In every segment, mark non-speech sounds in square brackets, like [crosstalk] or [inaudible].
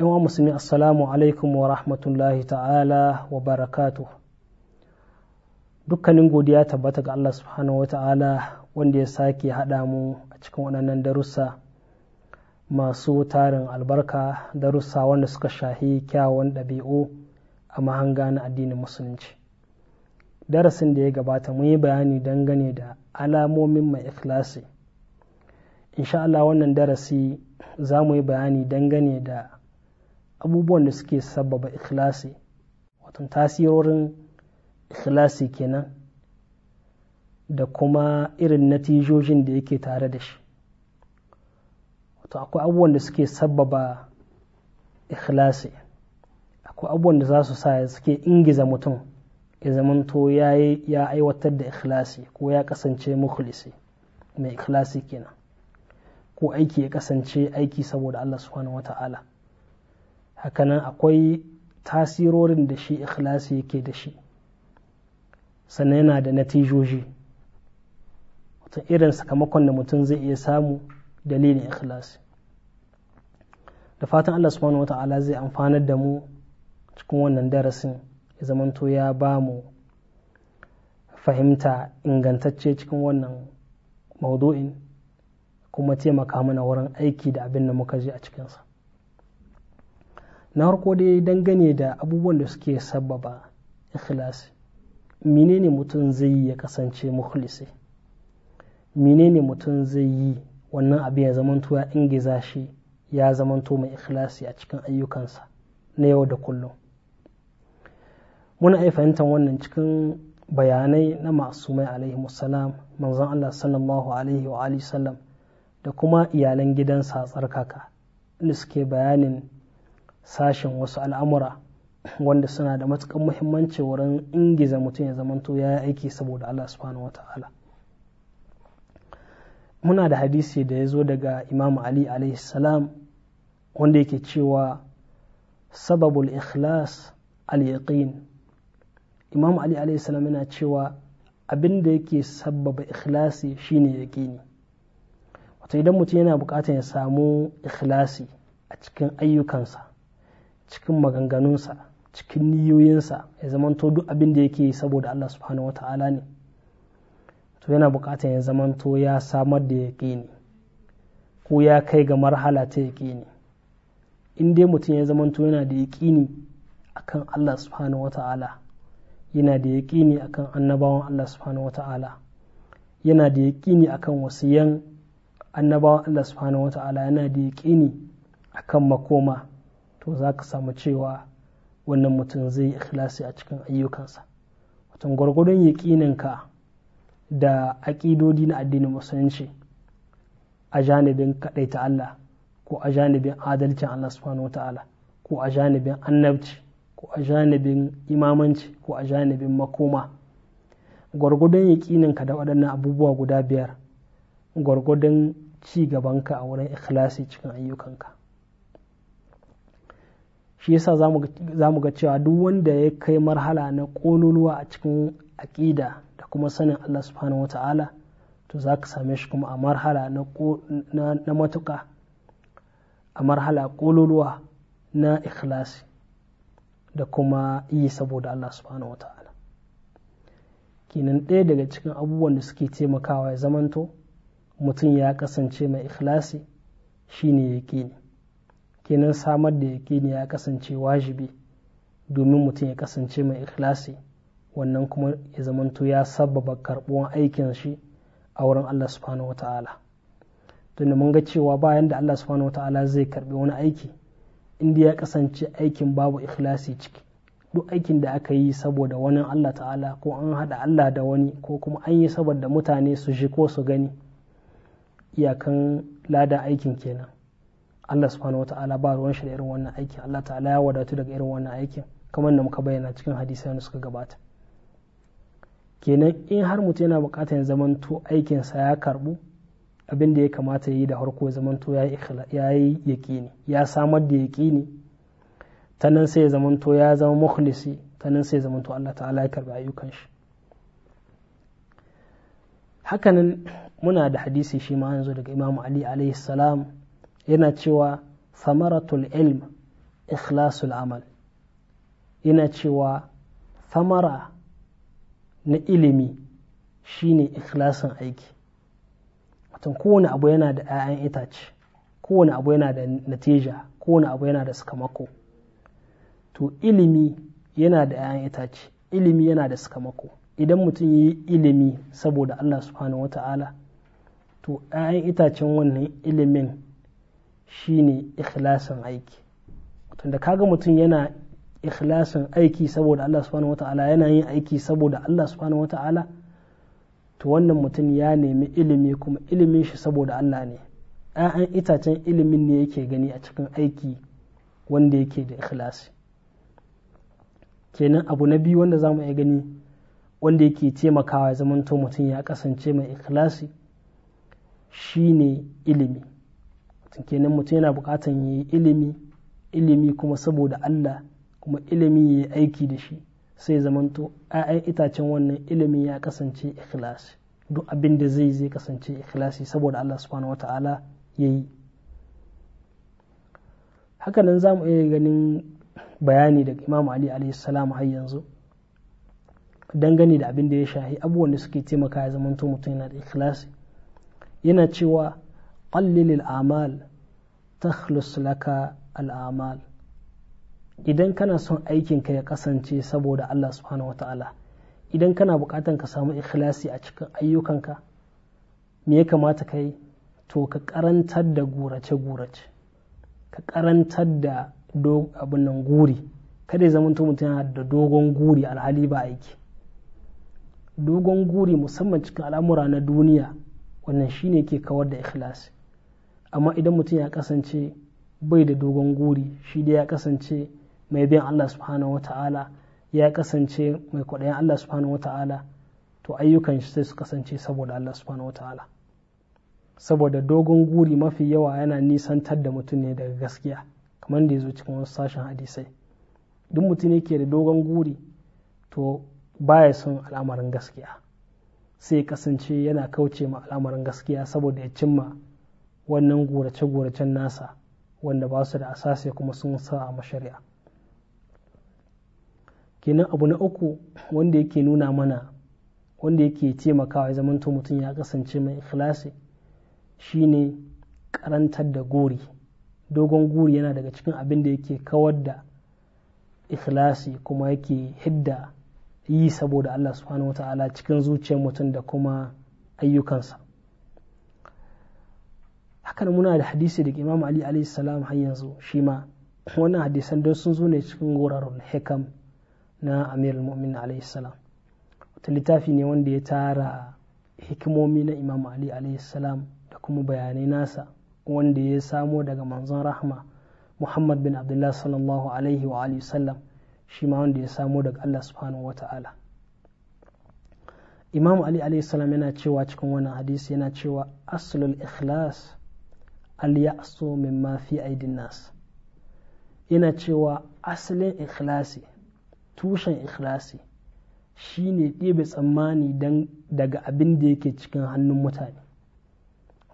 yawan musulmi assalamu alaikum wa rahmatullahi ta'ala wa barakatu dukkanin godiya tabbata ga Allah subhanahu wa ta'ala wanda ya sake haɗa mu a cikin waɗannan darussa masu tarin albarka darussa wanda suka shahi kyawun ɗabi'u a mahanga na addinin musulunci darasin da ya gabata mun yi bayani dangane da alamomin mai ikhlasi insha Allah wannan darasi za mu yi bayani dangane da abubuwan da suke sababa ikhlasi wato tasirorin ikhlasi kenan da kuma irin natijojin da yake tare da shi wato akwai abubuwan da suke sababa ikhlasi akwai abubuwan da za su sa suke ingiza mutum ya zamanto ya aiwatar da ikhlasi ko ya kasance mukhlisi mai ikhlasi kenan ko aiki ya kasance aiki saboda Allah subhanahu wata'ala hakanan akwai tasirorin da shi ikhlasi yake da shi sannan yana da natijoji wata irin sakamakon da mutum zai iya samu dalilin ikhlasi da fatan Allah subhanahu wata'ala zai amfanar da mu cikin wannan darasin ya zamanto ya ba mu fahimta ingantacce cikin wannan maudu'in kuma taimaka mana wurin aiki da abin da muka je a cikinsa na harko dai dangane da abubuwan da suke sababa ikhlasi menene mutum zai yi ya kasance mukhlisi menene mutum zai yi wannan abin ya zamanto ya ingiza shi ya zamanto mai ikhlasi a cikin ayyukansa na yau da kullum muna iya fahimtar wannan cikin bayanai na masu mai alaihi musalam manzon Allah sallallahu alaihi wa alihi sallam da kuma iyalan gidansa tsarkaka da suke bayanin sashen wasu al'amura wanda suna da matukan muhimmanci wurin ingiza mutum ya zamanto ya aiki saboda Allah subhanahu wata'ala muna da hadisi da ya zo daga imam ali alaihi salam wanda yake cewa sababul ikhlas al-yaqin imam ali alaihi salam yana cewa abin da yake sababa ikhlasi shine yaqini wato idan mutum yana bukatar ya samu ikhlasi a cikin ayyukansa cikin maganganunsa cikin niyoyinsa ya zamanto duk abin da yake yi saboda Allah subhanahu wa ta'ala ne to yana buƙatar ya zamanto ya samar da yaƙini ko ya kai ga marhala ta yaƙini in dai mutum ya zamanto yana da yaƙini akan Allah subhanahu wa ta'ala yana da yaƙini akan annabawan Allah subhanahu wa ta'ala yana da yaƙini akan wasiyan annabawan Allah subhanahu wa ta'ala yana da yaƙini akan makoma to za ka samu cewa wannan mutum zai yi ikhlasi a cikin ayyukansa mutum gwargwadon yaƙininka da aƙidodi na addinin musulunci a janibin ta Allah ko a janibin adalcin Allah subhanahu wa ta'ala ko a janibin annabci ko a janibin imamanci ko a janibin makoma gwargwadon yaƙininka da waɗannan abubuwa guda biyar gwargwadon ci gabanka a wurin ikhlasi cikin ayyukanka shi yasa za mu ga cewa duk wanda ya kai marhala na ƙololuwa a cikin aƙida da kuma sanin Allah subhanahu wata'ala to za ka same shi kuma a marhala na matuƙa a marhala ƙololuwa na ikhlasi da kuma yi saboda Allah subhanahu wata'ala kinan ɗaya daga cikin abubuwan da suke taimakawa ya zamanto mutum ya kasance mai ikhlasi shine yaƙini kenan samar da yaƙini ya kasance wajibi domin mutum ya kasance mai ikhlasi wannan kuma ya zamanto ya sababa karɓuwan aikin shi a wurin Allah subhanahu wa ta'ala tunda mun ga cewa bayan da Allah subhanahu wa ta'ala zai karɓi wani aiki inda ya kasance aikin babu ikhlasi ciki duk aikin da aka yi saboda wani Allah ta'ala ko an haɗa Allah da wani ko kuma an yi saboda mutane su ji ko su gani iyakan lada aikin kenan Allah subhanahu wata'ala ba ruwan shi da irin wannan aikin Allah ta'ala ya wadatu daga irin wannan aikin kamar da muka bayyana cikin hadisai da suka gabata kenan in har mutum yana buƙatar ya zamanto aikinsa ya karbu abin da ya kamata ya yi da harko ya zamanto ya yi yaƙini ya samar da yaƙini ta nan sai ya zamanto ya zama mukhlisi ta nan sai ya zamanto Allah ta'ala ya karbi ayyukan shi hakanan muna da hadisi shi ma yanzu daga Imam Ali alayhi salam yana cewa samaratul ilm ikhlasul amal yana cewa samara na ilimi shine ikhlasin aiki watan kowane abu yana da 'ya'yan itace kowane abu yana da natija kowane abu yana da sakamako to ilimi yana da 'ya'yan itace ilimi yana da sakamako idan mutum yi ilimi saboda Allah subhanahu wata'ala to 'ya'yan itacen wannan ilimin shine ikhlasin aiki tunda kaga mutum yana ikhlasin aiki saboda Allah subhanahu wata'ala yana yin aiki saboda Allah subhanahu wata'ala to wannan mutum ya nemi ilimi kuma ilimin shi saboda Allah ne ‘ya'yan itacen ilimin ne yake gani a cikin aiki wanda yake da ikhlasi kenan abu na biyu wanda zamu iya gani wanda yake taimakawa zamanto mutum ya kasance mai ikhlasi shine ilimi kenan mutum yana bukatan ya yi ilimi ilimi kuma saboda Allah kuma ilimi ya yi aiki da shi sai zamanto ‘ya'yan itacen wannan ilimi ya kasance ikhlasi duk abin da zai zai kasance ikhlasi saboda Allah subhanahu wata'ala ya yi hakanan za mu iya ganin bayani daga imam ali alayhi salam har yanzu dangane da abin da ya shahi abubuwan da suke taimaka ya zamanto mutum yana da ikhlasi yana cewa ƙallilil al'amal takhlus laka al'amal idan kana son aikinka ya kasance saboda Allah subhanahu wa ta'ala idan kana buƙatan ka samu ikhlasi a cikin ayyukanka me ya kamata ka yi to ka karantar da gurace-gurace ka karantar da abin nan guri kada ya zamanto mutum yana da dogon guri alhali ba aiki dogon guri musamman cikin al'amura na duniya wannan shine ke kawar da ikhlasi amma idan mutum ya kasance bai da dogon guri shi dai ya kasance mai biyan Allah subhanahu wata'ala ya kasance mai kwaɗayin Allah subhanahu wata'ala to ayyukan shi sai su kasance saboda Allah subhanahu wata'ala saboda dogon guri mafi yawa yana nisantar da mutum ne daga gaskiya kamar da ya zo cikin wasu sashen hadisai duk mutum yake da dogon guri to baya son al'amarin gaskiya sai kasance yana kauce ma al'amarin gaskiya saboda ya cimma wannan gorace-goracen nasa wanda ba su da asasi kuma sun sa a mashari'a kenan abu na uku wanda yake nuna mana wanda yake taimakawa ya zama mutum ya kasance mai ikhlasi shine karantar da gori dogon guri yana daga cikin abin da yake kawar da ikhlasi kuma yake hidda yi saboda Allah subhanahu wa ta'ala cikin zuciyar mutum da kuma ayyukansa hakan muna da hadisi daga imam ali alayhi salam har yanzu shi ma wannan hadisan don sun zo ne cikin gorarun hikam na amir al-mu'min alayhi salam wata littafi ne wanda ya tara hikimomi na imam ali alayhi salam da kuma bayanai nasa wanda ya samo daga manzon rahma muhammad bin Abdullahi sallallahu alaihi wa alihi sallam shi ma wanda ya samo daga allah subhanahu wa ta'ala imam ali alayhi salam yana cewa cikin wannan hadisi yana cewa aslul ikhlas al ya'su mimma fi aidin nas yana cewa asalin ikhlasi tushen ikhlasi shine ɗebe tsammani daga abin da yake cikin hannun mutane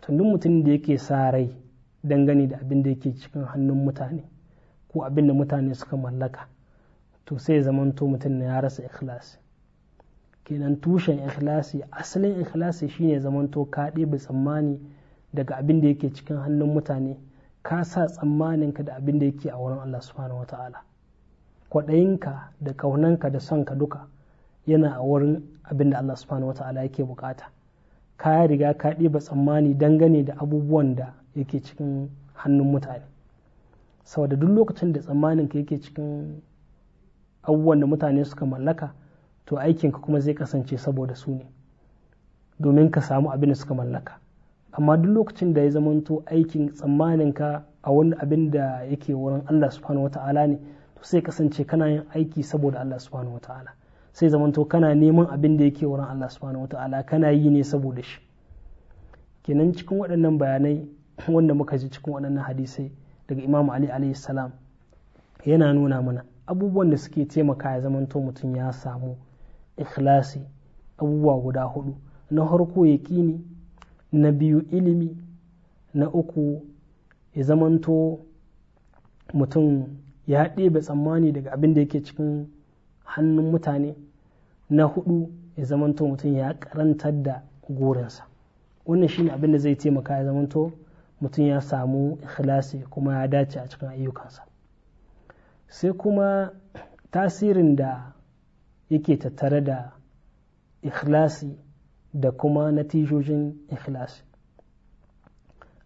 tundun mutum da yake sa rai dangane da abin da yake cikin hannun mutane ko abin da mutane suka mallaka to sai zamanto mutum na ya rasa ikhlasi kenan tushen ikhlasi asalin ikhlasi shine zamanto ka ɗebe tsammani daga abin da yake cikin hannun mutane ka sa tsammaninka da abin da yake a wurin Allah subhanahu wata'ala kwaɗayinka da ƙaunanka da sonka duka yana a wurin abin da Allah subhanahu wata'ala yake bukata ka riga ka ɗiba tsammani dangane da abubuwan da yake cikin hannun mutane saboda duk lokacin da tsammanin tsammaninka yake cikin abubuwan da mutane suka mallaka to aikinka kuma zai kasance saboda su ne domin ka samu abin da suka mallaka amma duk lokacin da ya zamanto aikin tsammanin ka a wani abin da yake wurin Allah subhanahu ta'ala ne to sai kasance kana yin aiki saboda Allah subhanahu ta'ala sai zamanto kana neman abin da yake wurin Allah subhanahu ta'ala kana yi ne saboda shi kenan cikin waɗannan bayanai [clears throat] wanda muka ji cikin waɗannan hadisai daga Imam Ali alayhi salam yana nuna mana abubuwan da suke taimaka ya zamanto mutum ya samu ikhlasi abubuwa guda hudu na harko yaƙini na biyu ilimi na uku ya zamanto mutum ya ɗebe tsammani daga abin da yake cikin hannun mutane na hudu ya zamanto mutum ya karantar da gorinsa wannan shine abin da zai taimaka ya zamanto mutum ya samu ikhlasi kuma ya dace a cikin ayyukansa sai kuma tasirin da yake tattare da ikhlasi da kuma natijojin ikhlas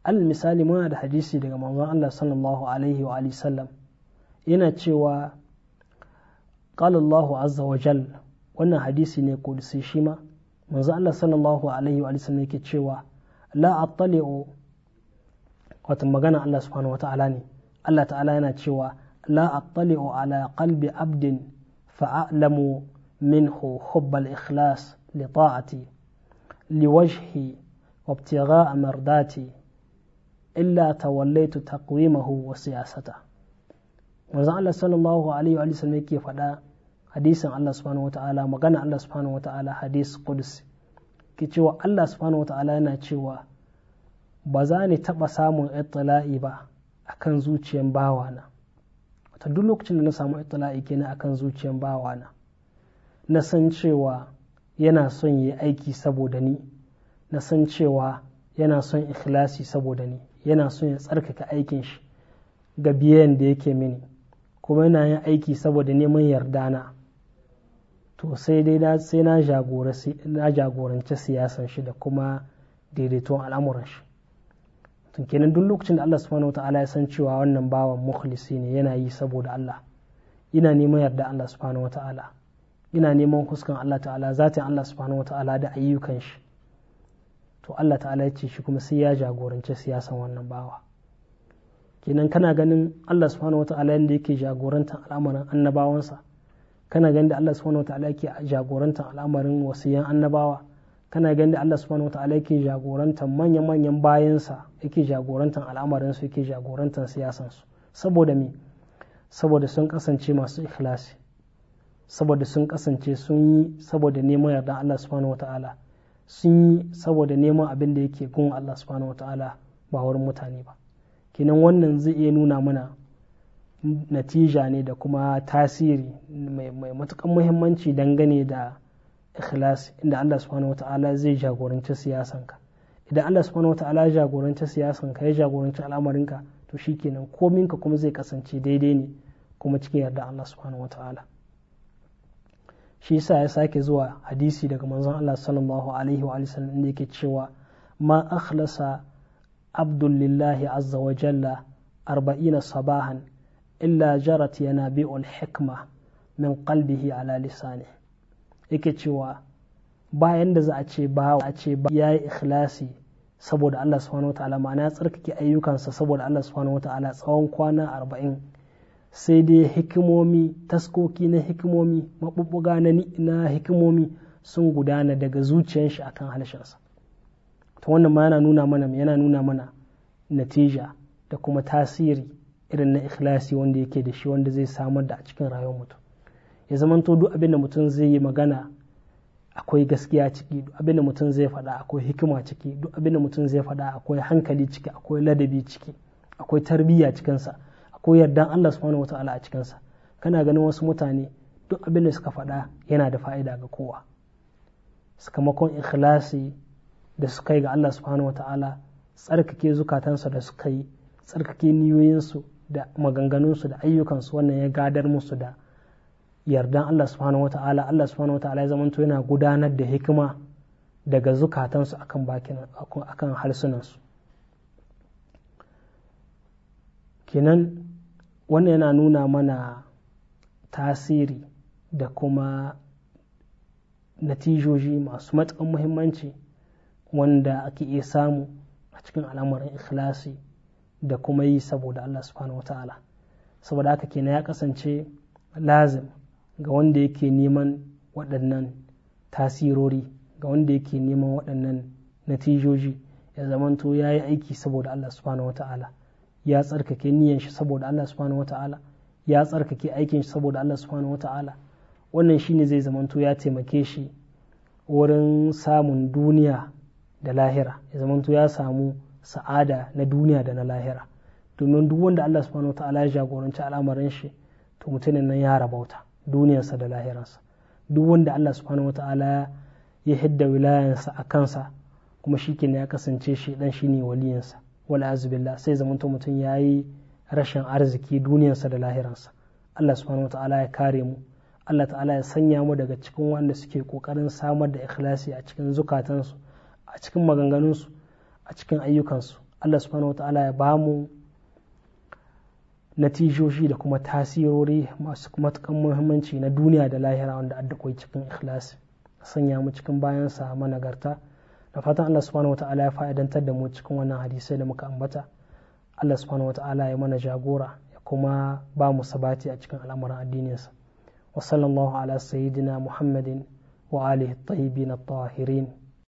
al misali muna da hadisi daga manzon Allah sallallahu alaihi wa alihi sallam yana cewa qala Allah azza wa jal wannan hadisi ne kudusi shi ma manzon Allah sallallahu alaihi wa alihi sallam yake cewa la attali'u wato magana Allah subhanahu wata'ala ne Allah ta'ala yana cewa la attali'u ala qalbi abdin fa'alamu minhu hubbal ikhlas li ta'ati liwajhi وابتغاء مرضاتي إلا توليت تقويمه وسياسته manzon Allah sallallahu alaihi wa sallam yake faɗa hadisin Allah subhanahu wata'ala magana Allah subhanahu hadis qudus Ki cewa Allah subhanahu wata'ala yana cewa ba za ni taɓa samun ittila'i ba akan zuciyan bawana wata duk lokacin da na samu ittila'i kenan akan zuciyan bawana na san cewa yana son yi aiki saboda ni na san cewa yana son ikhlasi saboda ni yana son ya tsarkaka aikin shi ga biyan da yake mini kuma yana yin aiki saboda neman yarda na to sai dai sai na jagoranci siyasan shi da kuma daidaiton al'amuran shi tun kenan duk lokacin da Allah subhanahu wataala ya san cewa wannan bawan mukhlisi ne yana yi saboda Allah yana neman yarda Allah subhanahu wataala ina neman kuskan Allah ta'ala zatin Allah subhanahu wa ta'ala da ayyukan shi to Allah ta'ala ya ce shi kuma sai ya jagorance siyasan wannan bawa kenan kana ganin Allah subhanahu wa ta'ala yadda yake jagorantar al'amarin annabawansa kana ganin da Allah subhanahu wa ta'ala yake jagorantar al'amarin wasiyan annabawa kana ganin da Allah subhanahu wa ta'ala yake jagorantar manya-manyan bayansa yake jagorantar al'amarin su yake jagorantar siyasan su saboda me saboda sun kasance masu ikhlasi saboda sun kasance sun yi saboda neman yarda Allah subhanahu wata'ala sun yi saboda neman abin da yake gun Allah subhanahu wata'ala ba wurin mutane ba kenan wannan zai iya nuna mana natija ne da kuma tasiri mai matukan muhimmanci dangane da ikhlas inda Allah subhanahu wata'ala zai jagoranci siyasanka idan Allah subhanahu wata'ala ya jagoranci siyasanka ya jagoranci al'amarinka to shikenan kominka kuma zai kasance daidai ne kuma cikin yarda Allah subhanahu wata'ala shi yasa ya sake zuwa hadisi daga manzon Allah sallallahu alaihi wa sallam inda yake cewa ma akhlasa abdul lillahi azza wa jalla arba'ina sabahan illa jarat yanabi'ul hikma min qalbihi ala lisani yake cewa bayan da za a ce ba a ce ba yayi ikhlasi saboda Allah subhanahu ma'ana ya tsarkake ayyukansa saboda Allah subhanahu tsawon kwana arba'in sai dai hikimomi taskoki na hikimomi maɓuɓɓuga na hikimomi sun gudana daga zuciyar shi akan halshensa ta wannan ma yana nuna mana yana nuna mana natija da kuma tasiri irin na ikhlasi wanda yake da shi wanda zai samar da a cikin rayuwar mutum ya zamanto duk abin mutum zai yi magana akwai gaskiya ciki duk abin mutum zai faɗa akwai hikima ciki duk abin mutum zai faɗa akwai hankali ciki akwai ladabi ciki akwai tarbiyya cikinsa ko yardan Allah subhanahu wata'ala a cikinsa kana ganin wasu mutane duk abin da suka faɗa yana da fa'ida ga kowa sakamakon ikhlasi da suka yi ga Allah subhanahu wata'ala tsarkake zukatansu da suka yi tsarkake niyoyinsu da maganganunsu da ayyukansu wannan ya gadar musu da yardan Allah subhanahu wata'ala Allah subhanahu wata'ala ya zamanto yana gudanar da hikima daga zukatansu akan bakin akan harsunansu kenan wannan yana nuna mana tasiri da kuma natijoji masu matsan muhimmanci wanda ake iya samu a cikin al'amarin ikhlasi da kuma yi saboda Allah subhanahu wa ta'ala saboda haka kenan ya kasance lazim ga wanda yake neman waɗannan tasirori ga wanda yake neman waɗannan natijoji ya zamanto ya yi aiki saboda Allah subhanahu wa ta'ala ya tsarkake niyan shi saboda Allah subhanahu wata'ala ya tsarkake aikin shi saboda Allah subhanahu wata'ala wannan shine zai zamanto ya taimake shi wurin samun duniya da lahira ya zamanto ya samu sa'ada na duniya da na lahira domin duk wanda Allah subhanahu wata'ala ya jagoranci al'amarin shi to mutumin nan ya rabauta duniyarsa da lahiransa duk wanda Allah subhanahu wata'ala ya hidda wilayansa a kansa kuma shi ya kasance shi dan shi shine waliyansa wala billah sai to mutum ya yi rashin arziki duniyarsa da lahiransa Allah subhanahu wa ya kare mu Allah ta'ala ya sanya mu daga cikin wanda suke kokarin samar da ikhlasi a cikin zukatansu a cikin maganganunsu a cikin ayyukansu Allah subhanahu wa ya ba mu natijoshi da kuma tasirori masu matukan muhimmanci na duniya da lahira wanda addakwai cikin ikhlasi sanya mu cikin bayan sa bayansa nagarta. da fatan Allah subhanahu wata'ala ya fa'idantar da mu cikin wannan hadisai da muka ambata Allah subhanahu wata'ala ya mana jagora ya kuma ba mu sabati a cikin al'amuran addininsa wa sallallahu ala sayyidina muhammadin wa alihi tayyibin at-tahirin